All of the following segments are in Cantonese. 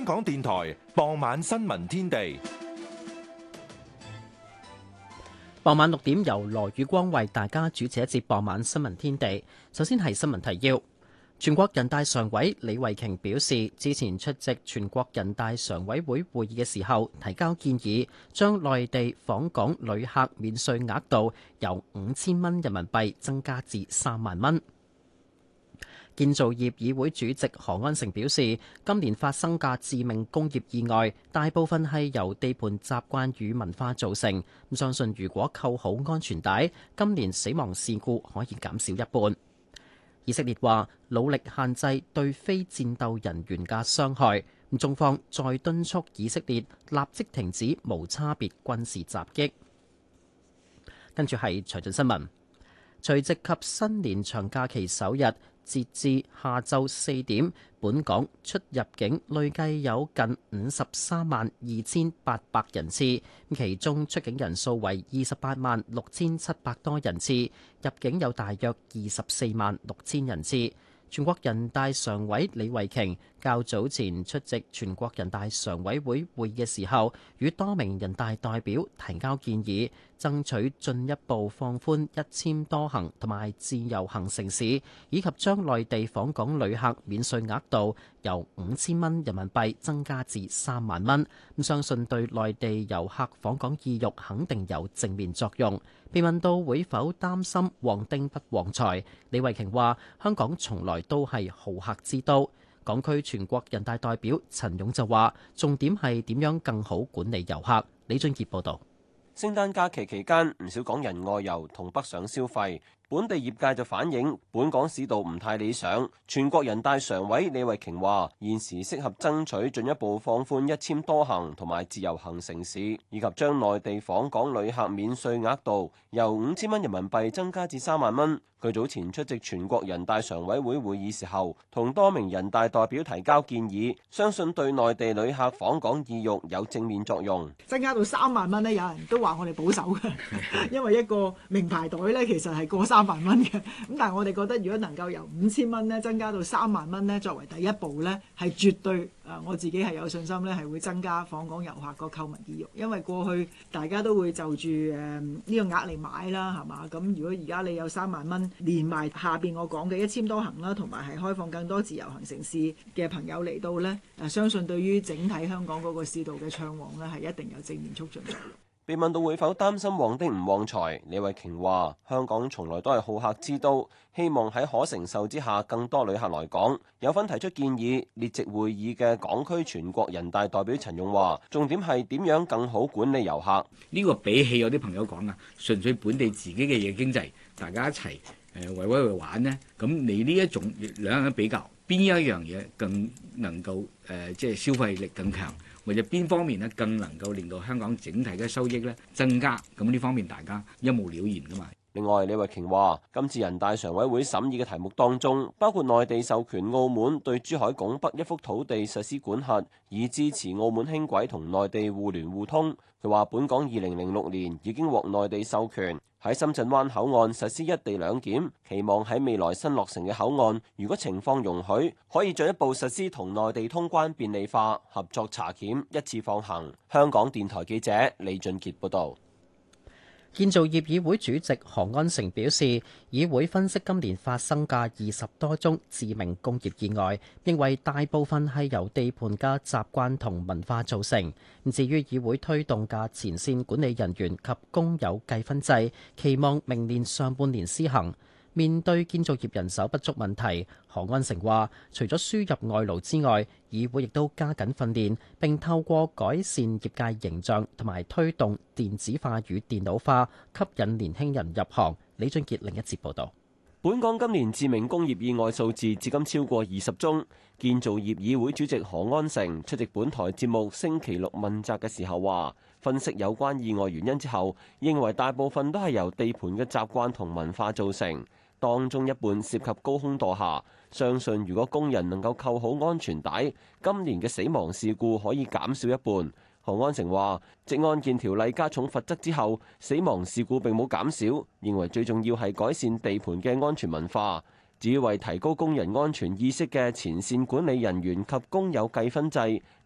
香港電台傍晚新聞天地。傍晚六點由羅宇光為大家主持《一節傍晚新聞天地》。首先係新聞提要。全國人大常委李慧瓊表示，之前出席全國人大常委會會議嘅時候，提交建議，將內地訪港旅客免稅額度由五千蚊人民幣增加至三萬蚊。建造業議會主席何安成表示，今年發生嘅致命工業意外大部分係由地盤習慣與文化造成。相信如果扣好安全帶，今年死亡事故可以減少一半。以色列話努力限制對非戰鬥人員嘅傷害。中方再敦促以色列立即停止無差別軍事襲擊，跟住係財政新聞，除夕及新年長假期首日，截至下晝四點，本港出入境累計有近五十三萬二千八百人次，其中出境人數為二十八萬六千七百多人次，入境有大約二十四萬六千人次。全國人大常委李慧瓊較早前出席全國人大常委會會議嘅時候，與多名人大代表提交建議，爭取進一步放寬一簽多行同埋自由行城市，以及將內地訪港旅客免稅額度由五千蚊人民幣增加至三萬蚊。咁相信對內地遊客訪港意欲肯定有正面作用。被問到會否擔心旺丁不旺財，李慧瓊話：香港從來都係豪客之都。港區全國人大代表陳勇就話，重點係點樣更好管理遊客。李俊傑報道，聖誕假期期間，唔少港人外遊同北上消費。本地業界就反映，本港市道唔太理想。全國人大常委李慧瓊話，現時適合爭取進一步放寬一簽多行同埋自由行城市，以及將內地訪港旅客免稅額度由五千蚊人民幣增加至三萬蚊。佢早前出席全國人大常委會會議時候，同多名人大代表提交建議，相信對內地旅客訪港意欲有正面作用。增加到三萬蚊咧，有人都話我哋保守嘅，因為一個名牌袋咧，其實係過三。三萬蚊嘅，咁但係我哋覺得，如果能夠由五千蚊咧增加到三萬蚊咧，作為第一步咧，係絕對誒，我自己係有信心咧，係會增加訪港遊客個購物意欲，因為過去大家都會就住誒呢個額嚟買啦，係嘛？咁如果而家你有三萬蚊，連埋下邊我講嘅一千多行啦，同埋係開放更多自由行城市嘅朋友嚟到咧，誒，相信對於整體香港嗰個市道嘅暢旺咧，係一定有正面促進作用。被問到會否擔心旺丁唔旺財，李慧瓊話：香港從來都係好客之都，希望喺可承受之下，更多旅客來港。有份提出建議列席會議嘅港區全國人大代表陳勇話：重點係點樣更好管理遊客？呢個比起有啲朋友講啊，純粹本地自己嘅嘢經濟，大家一齊誒圍威喂去玩呢。咁你呢一種兩樣比較，邊一樣嘢更能夠誒、呃、即係消費力更強？或者邊方面咧，更能夠令到香港整體嘅收益咧增加？咁呢方面大家一目了然噶嘛。另外，李慧瓊話：今次人大常委會審議嘅題目當中，包括內地授權澳門對珠海拱北一幅土地實施管轄，以支持澳門輕軌同內地互聯互通。佢話：本港二零零六年已經獲內地授權喺深圳灣口岸實施一地兩檢，期望喺未來新落成嘅口岸，如果情況容許，可以進一步實施同內地通關便利化、合作查檢、一次放行。香港電台記者李俊杰報道。建造業議會主席何安成表示，議會分析今年發生嘅二十多宗致命工業意外，認為大部分係由地盤嘅習慣同文化造成。至於議會推動嘅前線管理人員及工友計分制，期望明年上半年施行。面對建造業人手不足問題，何安成話，除咗輸入外勞之外，議會亦都加緊訓練，並透過改善業界形象同埋推動電子化與電腦化，吸引年輕人入行。李俊杰另一節報道。本港今年致命工業意外數字至今超過二十宗，建造業議會主席何安成出席本台節目星期六問責嘅時候話，分析有關意外原因之後，認為大部分都係由地盤嘅習慣同文化造成。當中一半涉及高空墮下，相信如果工人能夠扣好安全帶，今年嘅死亡事故可以減少一半。何安成話，即案件條例加重罰則之後，死亡事故並冇減少，認為最重要係改善地盤嘅安全文化。至於為提高工人安全意識嘅前線管理人員及工友計分制，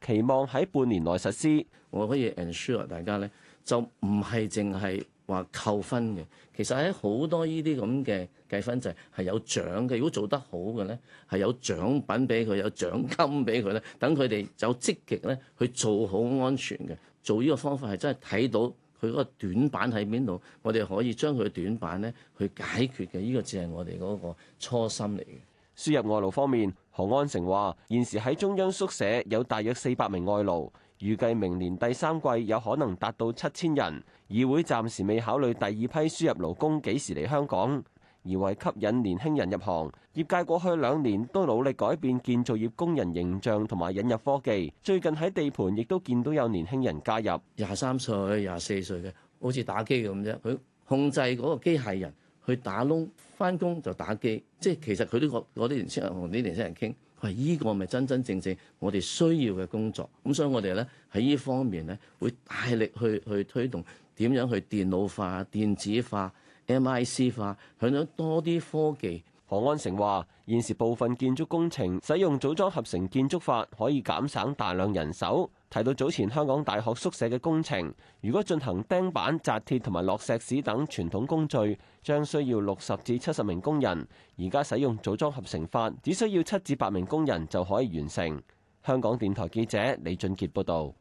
期望喺半年內實施。我可以 ensure 大家呢，就唔係淨係話扣分嘅，其實喺好多呢啲咁嘅計分制係有獎嘅。如果做得好嘅呢，係有獎品俾佢，有獎金俾佢呢，等佢哋有積極呢去做好安全嘅。做呢個方法係真係睇到佢嗰個短板喺邊度，我哋可以將佢嘅短板呢去解決嘅。呢、這個只係我哋嗰個初心嚟嘅。輸入外勞方面，何安成話現時喺中央宿舍有大約四百名外勞。預計明年第三季有可能達到七千人。議會暫時未考慮第二批輸入勞工幾時嚟香港，而為吸引年輕人入行，業界過去兩年都努力改變建造業工人形象同埋引入科技。最近喺地盤亦都見到有年輕人加入，廿三歲、廿四歲嘅，好似打機咁啫。佢控制嗰個機械人去打窿，返工就打機，即係其實佢都個嗰啲年輕人同啲年輕人傾。呢個咪真真正正我哋需要嘅工作，咁所以我哋咧喺呢方面咧會大力去去推動點樣去電腦化、電子化、MIC 化，向咗多啲科技。何安成話：現時部分建築工程使用組裝合成建築法，可以減省大量人手。提到早前香港大學宿舍嘅工程，如果進行釘板、紮鐵同埋落石屎等傳統工序，將需要六十至七十名工人；而家使用組裝合成法，只需要七至八名工人就可以完成。香港電台記者李俊杰報道。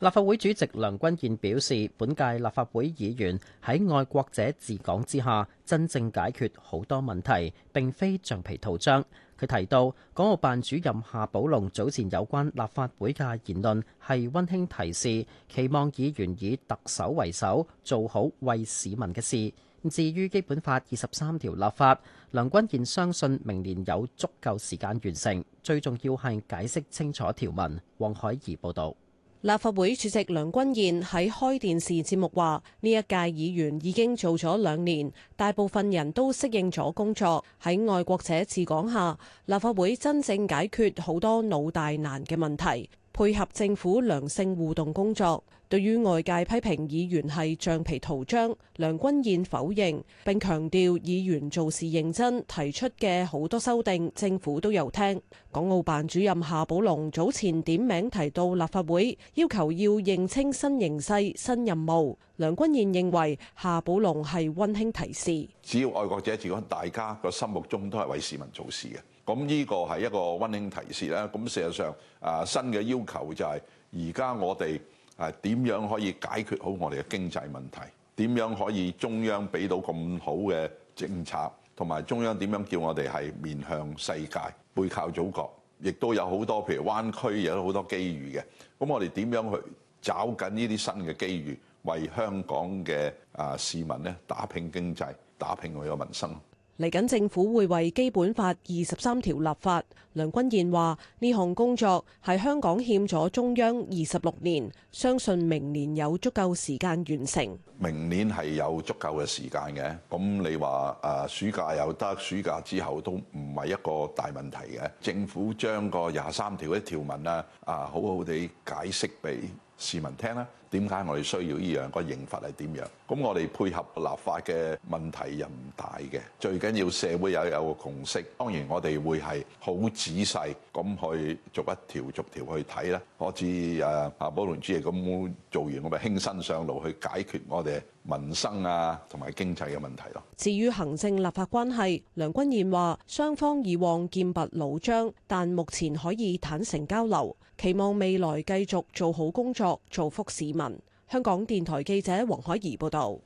立法會主席梁君彥表示，本屆立法會議員喺愛國者治港之下，真正解決好多問題，並非橡皮圖章。佢提到，港澳辦主任夏寶龍早前有關立法會嘅言論係温馨提示，期望議員以特首為首，做好為市民嘅事。至於基本法二十三條立法，梁君彥相信明年有足夠時間完成，最重要係解釋清楚條文。黃海怡報導。立法會主席梁君彥喺開電視節目話：呢一屆議員已經做咗兩年，大部分人都適應咗工作。喺愛國者治港下，立法會真正解決好多老大難嘅問題，配合政府良性互動工作。對於外界批評議員係橡皮圖章，梁君彥否認，並強調議員做事認真，提出嘅好多修訂，政府都有聽。港澳辦主任夏寶龍早前點名提到立法會，要求要認清新形勢、新任務。梁君彥認為夏寶龍係温馨提示，只要愛國者，只要大家個心目中都係為市民做事嘅，咁依個係一個温馨提示啦。咁事實上，啊新嘅要求就係而家我哋。係點樣可以解決好我哋嘅經濟問題？點樣可以中央俾到咁好嘅政策？同埋中央點樣叫我哋係面向世界、背靠祖國？亦都有好多譬如灣區有好多機遇嘅。咁我哋點樣去找緊呢啲新嘅機遇，為香港嘅啊市民咧打拼經濟、打拼我個民生？嚟緊政府會為《基本法》二十三條立法，梁君彥話呢項工作喺香港欠咗中央二十六年，相信明年有足夠時間完成。明年係有足夠嘅時間嘅，咁你話誒暑假又得，暑假之後都唔係一個大問題嘅。政府將個廿三條嗰啲條文啊，啊好好地解釋俾。市民聽啦，點解我哋需要呢樣？個刑法係點樣？咁我哋配合立法嘅問題又唔大嘅。最緊要社會有有個共識。當然我哋會係好仔細咁去逐一條逐一條去睇啦。我知誒阿保倫主嘅咁做完，我咪輕身上路去解決我哋。民生啊，同埋經濟嘅問題咯。至於行政立法關係，梁君彥話雙方以往劍拔弩張，但目前可以坦誠交流，期望未來繼續做好工作，造福市民。香港電台記者黃海怡報道。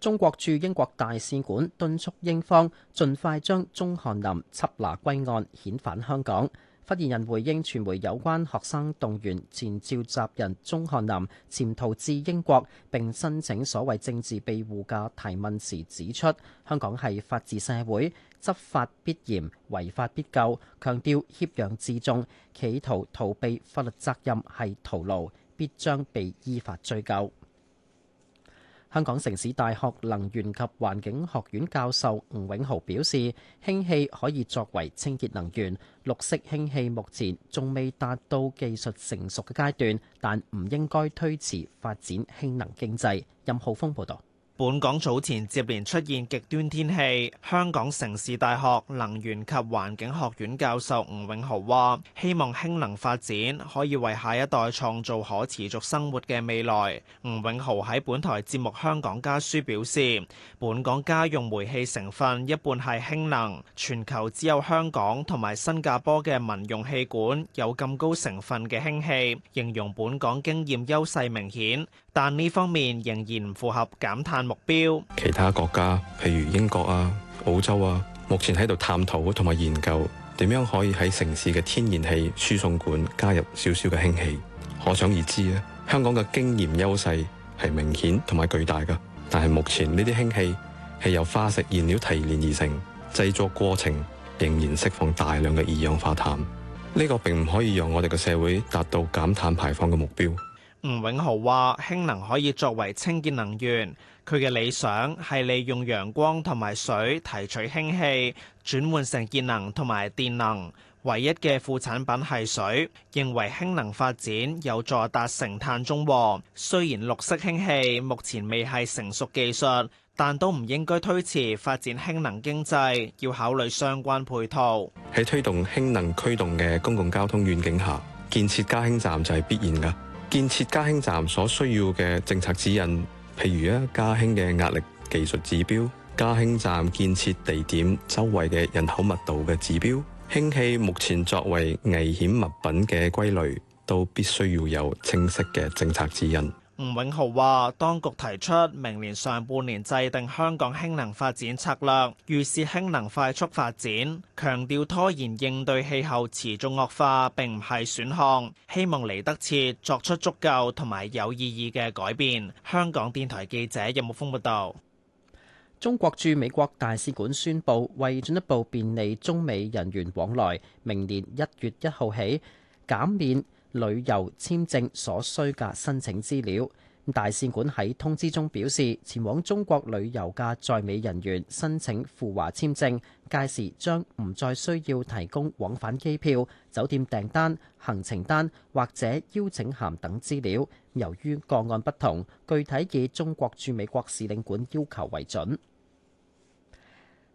中國駐英國大使館敦促英方盡快將鍾漢林緝拿歸案，遣返香港。發言人回應傳媒有關學生動源前召集人鍾翰林潛逃至英國，並申請所謂政治庇護嘅提問時指出，香港係法治社會，執法必嚴，違法必究，強調挾洋自重企圖逃避法律責任係徒勞，必將被依法追究。香港城市大學能源及環境學院教授吳永豪表示，氫氣可以作為清潔能源。綠色氫氣目前仲未達到技術成熟嘅階段，但唔應該推遲發展氫能經濟。任浩峰報道。本港早前接連出現極端天氣，香港城市大學能源及環境學院教授吳永豪話，希望氫能發展可以為下一代創造可持續生活嘅未來。吳永豪喺本台節目《香港家書》表示，本港家用煤氣成分一半係氫能，全球只有香港同埋新加坡嘅民用氣管有咁高成分嘅氫氣，形容本港經驗優勢明顯，但呢方面仍然唔符合減碳。目標其他國家，譬如英國啊、澳洲啊，目前喺度探討同埋研究點樣可以喺城市嘅天然氣輸送管加入少少嘅氫氣。可想而知啊，香港嘅經驗優勢係明顯同埋巨大噶。但係目前呢啲氫氣係由化石燃料提煉而成，製作過程仍然釋放大量嘅二氧化碳。呢個並唔可以讓我哋嘅社會達到減碳排放嘅目標。吳永豪話：氫能可以作為清潔能源。佢嘅理想係利用陽光同埋水提取氫氣，轉換成熱能同埋電能。唯一嘅副產品係水。認為氫能發展有助達成碳中和。雖然綠色氫氣目前未係成熟技術，但都唔應該推遲發展氫能經濟。要考慮相關配套。喺推動氫能驅動嘅公共交通願景下，建設加氫站就係必然嘅。建設加氫站所需要嘅政策指引。譬如啊，加氫嘅壓力技術指標，加氫站建設地點周圍嘅人口密度嘅指標，氫氣目前作為危險物品嘅歸類，都必須要有清晰嘅政策指引。吳永豪話：當局提出明年上半年制定香港氫能發展策略，預示氫能快速發展，強調拖延應對氣候持續惡化並唔係選項，希望嚟得切作出足夠同埋有意義嘅改變。香港電台記者任木峰報道。中國駐美國大使館宣布，為進一步便利中美人員往來，明年一月一號起減免。旅遊簽證所需嘅申請資料，大使館喺通知中表示，前往中國旅遊嘅在美人員申請赴華簽證，屆時將唔再需要提供往返機票、酒店訂單、行程單或者邀請函等資料。由於個案不同，具體以中國駐美國使領館要求為準。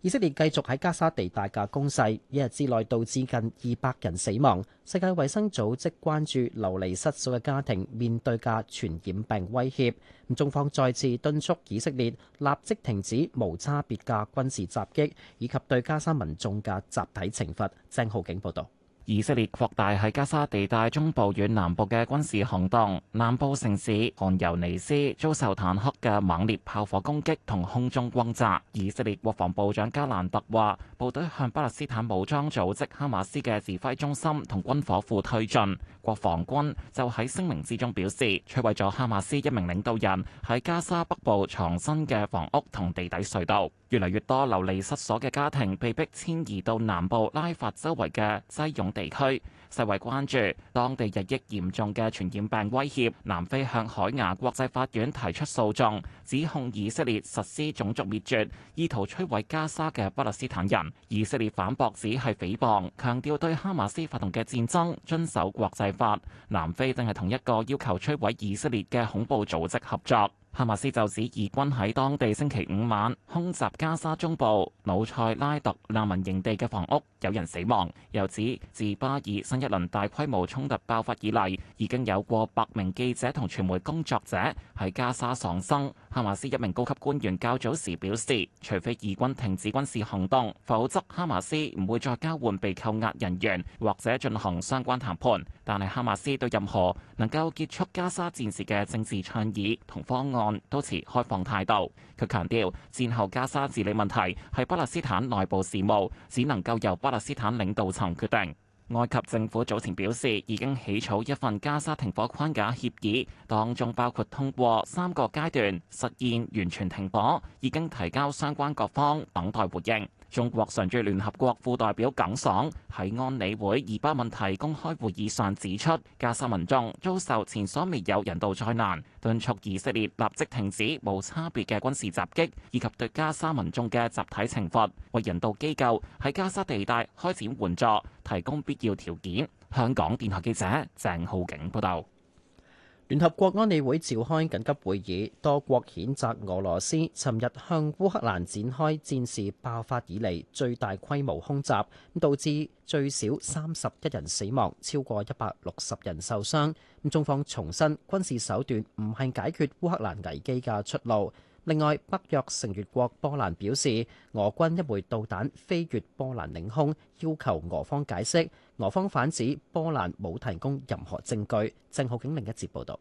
以色列繼續喺加沙地帶嘅攻勢，一日之內導致近二百人死亡。世界衛生組織關注流離失所嘅家庭面對嘅傳染病威脅。咁中方再次敦促以色列立即停止無差別嘅軍事襲擊，以及對加沙民眾嘅集體懲罰。鄭浩景報導。以色列擴大喺加沙地帶中部與南部嘅軍事行動，南部城市汗尤尼斯遭受坦克嘅猛烈炮火攻擊同空中轟炸。以色列國防部長加蘭特話：部隊向巴勒斯坦武裝組織哈馬斯嘅指揮中心同軍火庫推進。國防軍就喺聲明之中表示，摧毀咗哈馬斯一名領導人喺加沙北部藏身嘅房屋同地底隧道。越嚟越多流離失所嘅家庭被迫遷移到南部拉法周圍嘅擠擁地區，世衛關注當地日益嚴重嘅傳染病威脅。南非向海牙國際法院提出訴訟，指控以色列實施種族滅絕，意圖摧毀加沙嘅巴勒斯坦人。以色列反駁指係誹謗，強調對哈馬斯發動嘅戰爭遵守國際法。南非正係同一個要求摧毀以色列嘅恐怖組織合作。哈馬斯就指以軍喺當地星期五晚空襲加沙中部努塞拉特難民營地嘅房屋，有人死亡。又指自巴以新一輪大規模衝突爆發以嚟，已經有過百名記者同傳媒工作者喺加沙喪生。哈馬斯一名高級官員較早時表示，除非以軍停止軍事行動，否則哈馬斯唔會再交換被扣押人員或者進行相關談判。但係哈馬斯對任何能夠結束加沙戰事嘅政治倡議同方案案都持開放態度。佢強調戰後加沙治理問題係巴勒斯坦內部事務，只能夠由巴勒斯坦領導層決定。埃及政府早前表示，已經起草一份加沙停火框架協議，當中包括通過三個階段實現完全停火，已經提交相關各方等待回應。中國常駐聯合國副代表耿爽喺安理會以巴問題公開會議上指出，加沙民眾遭受前所未有人道災難，敦促以色列立即停止無差別嘅軍事襲擊，以及對加沙民眾嘅集體懲罰，為人道機構喺加沙地帶開展援助提供必要條件。香港電台記者鄭浩景報道。聯合國安理會召開緊急會議，多國譴責俄羅斯尋日向烏克蘭展開戰事爆發以嚟最大規模空襲，導致最少三十一人死亡，超過一百六十人受傷。中方重申，軍事手段唔係解決烏克蘭危機嘅出路。另外，北約成員國波蘭表示，俄軍一枚導彈飛越波蘭領空，要求俄方解釋。俄方反指波蘭冇提供任何證據。鄭浩景另一節報導。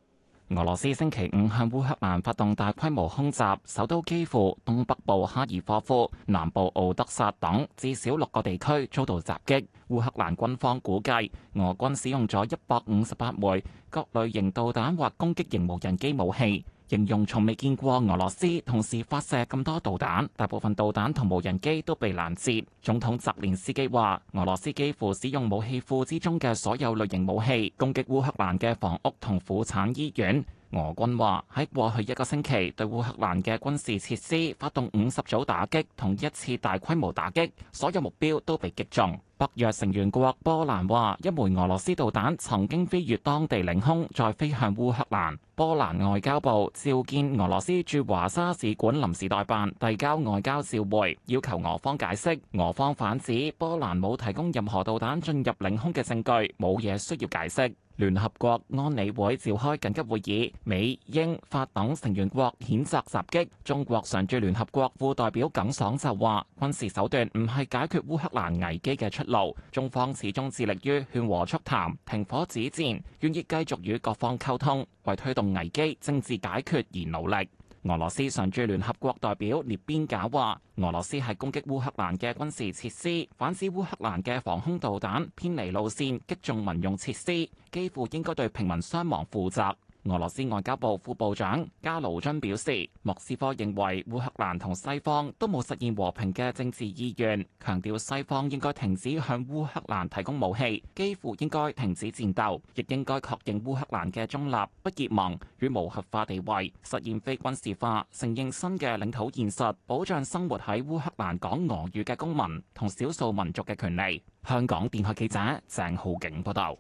俄羅斯星期五向烏克蘭發動大規模空襲，首都基輔東北部哈爾科夫、南部敖德薩等至少六個地區遭到襲擊。烏克蘭軍方估計，俄軍使用咗一百五十八枚各類型導彈或攻擊型無人機武器。形容從未見過俄羅斯同時發射咁多導彈，大部分導彈同無人機都被攔截。總統澤連斯基話俄羅斯幾乎使用武器庫之中嘅所有類型武器，攻擊烏克蘭嘅房屋同婦產醫院。俄軍話喺過去一個星期對烏克蘭嘅軍事設施發動五十組打擊同一次大規模打擊，所有目標都被擊中。北約成員國波蘭話，一枚俄羅斯導彈曾經飛越當地領空，再飛向烏克蘭。波蘭外交部召見俄羅斯駐華沙使館臨時代辦，遞交外交照會，要求俄方解釋。俄方反指波蘭冇提供任何導彈進入領空嘅證據，冇嘢需要解釋。聯合國安理會召開緊急會議，美英法等成員國譴責襲襲擊。中國常駐聯合國副代表耿爽就話：軍事手段唔係解決烏克蘭危機嘅出路，中方始終致力於勸和促談、停火止戰，願意繼續與各方溝通，為推動危機政治解決而努力。俄羅斯常駐聯合國代表涅邊賈話：俄羅斯係攻擊烏克蘭嘅軍事設施，反指烏克蘭嘅防空導彈偏離路線擊中民用設施，基輔應該對平民傷亡負責。俄羅斯外交部副部長加盧津表示，莫斯科認為烏克蘭同西方都冇實現和平嘅政治意願，強調西方應該停止向烏克蘭提供武器，幾乎應該停止戰鬥，亦應該確認烏克蘭嘅中立不結盟與無核化地位，實現非軍事化，承認新嘅領土現實，保障生活喺烏克蘭講俄語嘅公民同少數民族嘅權利。香港電台記者鄭浩景報道。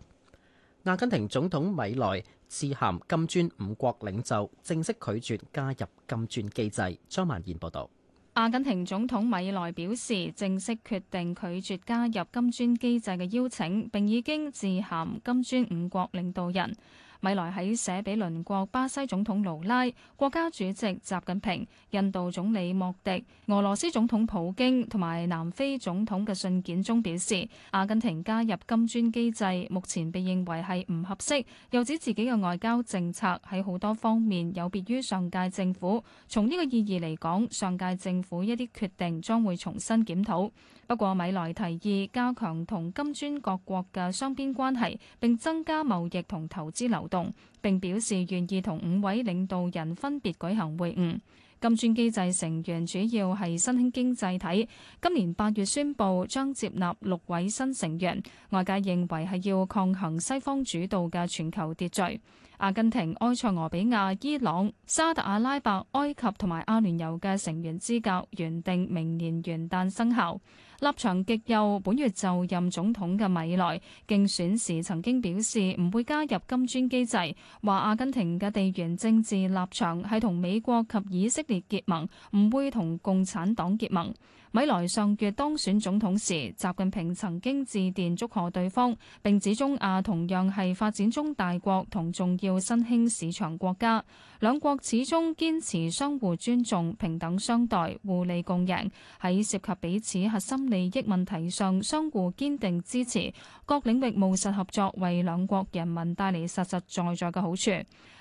阿根廷總統米萊致函金磚五國領袖，正式拒絕加入金磚機制。張曼燕報導。阿根廷總統米萊表示，正式決定拒絕加入金磚機制嘅邀請，並已經致函金磚五國領導人。米萊喺寫俾鄰國巴西總統盧拉、國家主席習近平、印度總理莫迪、俄羅斯總統普京同埋南非總統嘅信件中表示，阿根廷加入金磚機制目前被認為係唔合適。又指自己嘅外交政策喺好多方面有別於上屆政府。從呢個意義嚟講，上屆政府一啲決定將會重新檢討。不過，米萊提議加強同金磚各國嘅雙邊關係，並增加貿易同投資流。動，並表示願意同五位領導人分別舉行會晤。金磚機制成員主要係新興經濟體，今年八月宣布將接納六位新成員，外界認為係要抗衡西方主導嘅全球秩序。阿根廷、埃塞俄比亞、伊朗、沙特阿拉伯、埃及同埋阿聯酋嘅成員資格原定明年元旦生效。立場極右、本月就任總統嘅米萊，競選時曾經表示唔會加入金磚機制，話阿根廷嘅地緣政治立場係同美國及以色列結盟，唔會同共產黨結盟。米萊上月當選總統時，習近平曾經致電祝賀對方，並指中阿同樣係發展中大國同重要新興市場國家，兩國始終堅持相互尊重、平等相待、互利共贏。喺涉及彼此核心利益問題上，相互堅定支持，各領域務實合作，為兩國人民帶嚟實實在在嘅好處。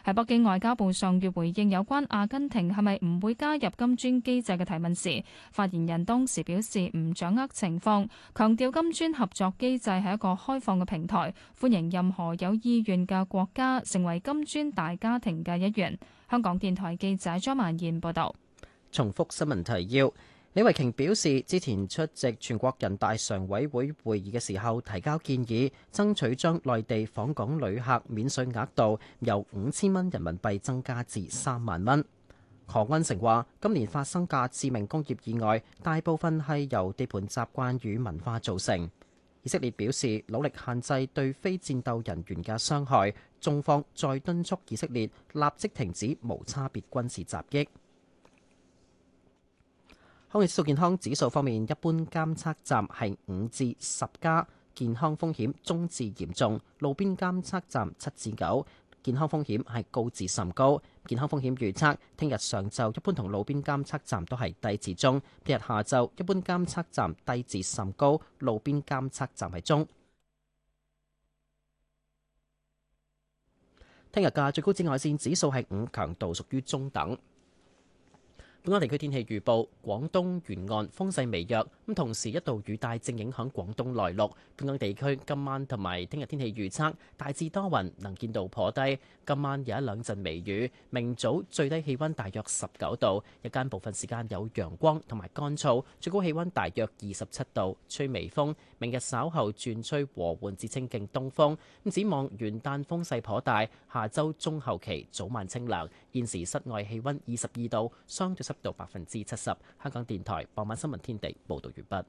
喺北京外交部上月回應有關阿根廷係咪唔會加入金磚機制嘅提問時，發言人當當時表示唔掌握情況，強調金磚合作機制係一個開放嘅平台，歡迎任何有意願嘅國家成為金磚大家庭嘅一員。香港電台記者張曼燕報道。重複新聞提要，李慧瓊表示之前出席全國人大常委會會議嘅時候，提交建議，爭取將內地訪港旅客免稅額度由五千蚊人民幣增加至三萬蚊。何恩成話：今年發生嘅致命工業意外，大部分係由地盤習慣與文化造成。以色列表示努力限制對非戰鬥人員嘅傷害，中方再敦促以色列立即停止無差別軍事襲擊。空氣質素健康指數方面，一般監測站係五至十家，健康風險中至嚴重；路邊監測站七至九。健康風險係高至甚高。健康風險預測，聽日上晝一般同路邊監測站都係低至中。聽日下晝一般監測站低至甚高，路邊監測站係中。聽日嘅最高紫外線指數係五，強度屬於中等。本港地區天氣預報：廣東沿岸風勢微弱，咁同時一道雨帶正影響廣東內陸。本港地區今晚同埋聽日天氣預測大致多雲，能見度頗低。今晚有一兩陣微雨，明早最低氣溫大約十九度，日間部分時間有陽光同埋乾燥，最高氣溫大約二十七度，吹微風。明日稍後轉吹和緩至清勁東風，咁展望元旦風勢頗大。下周中後期早晚清涼。現時室外氣溫二十二度，相對濕度百分之七十。香港電台傍晚新聞天地報道完畢。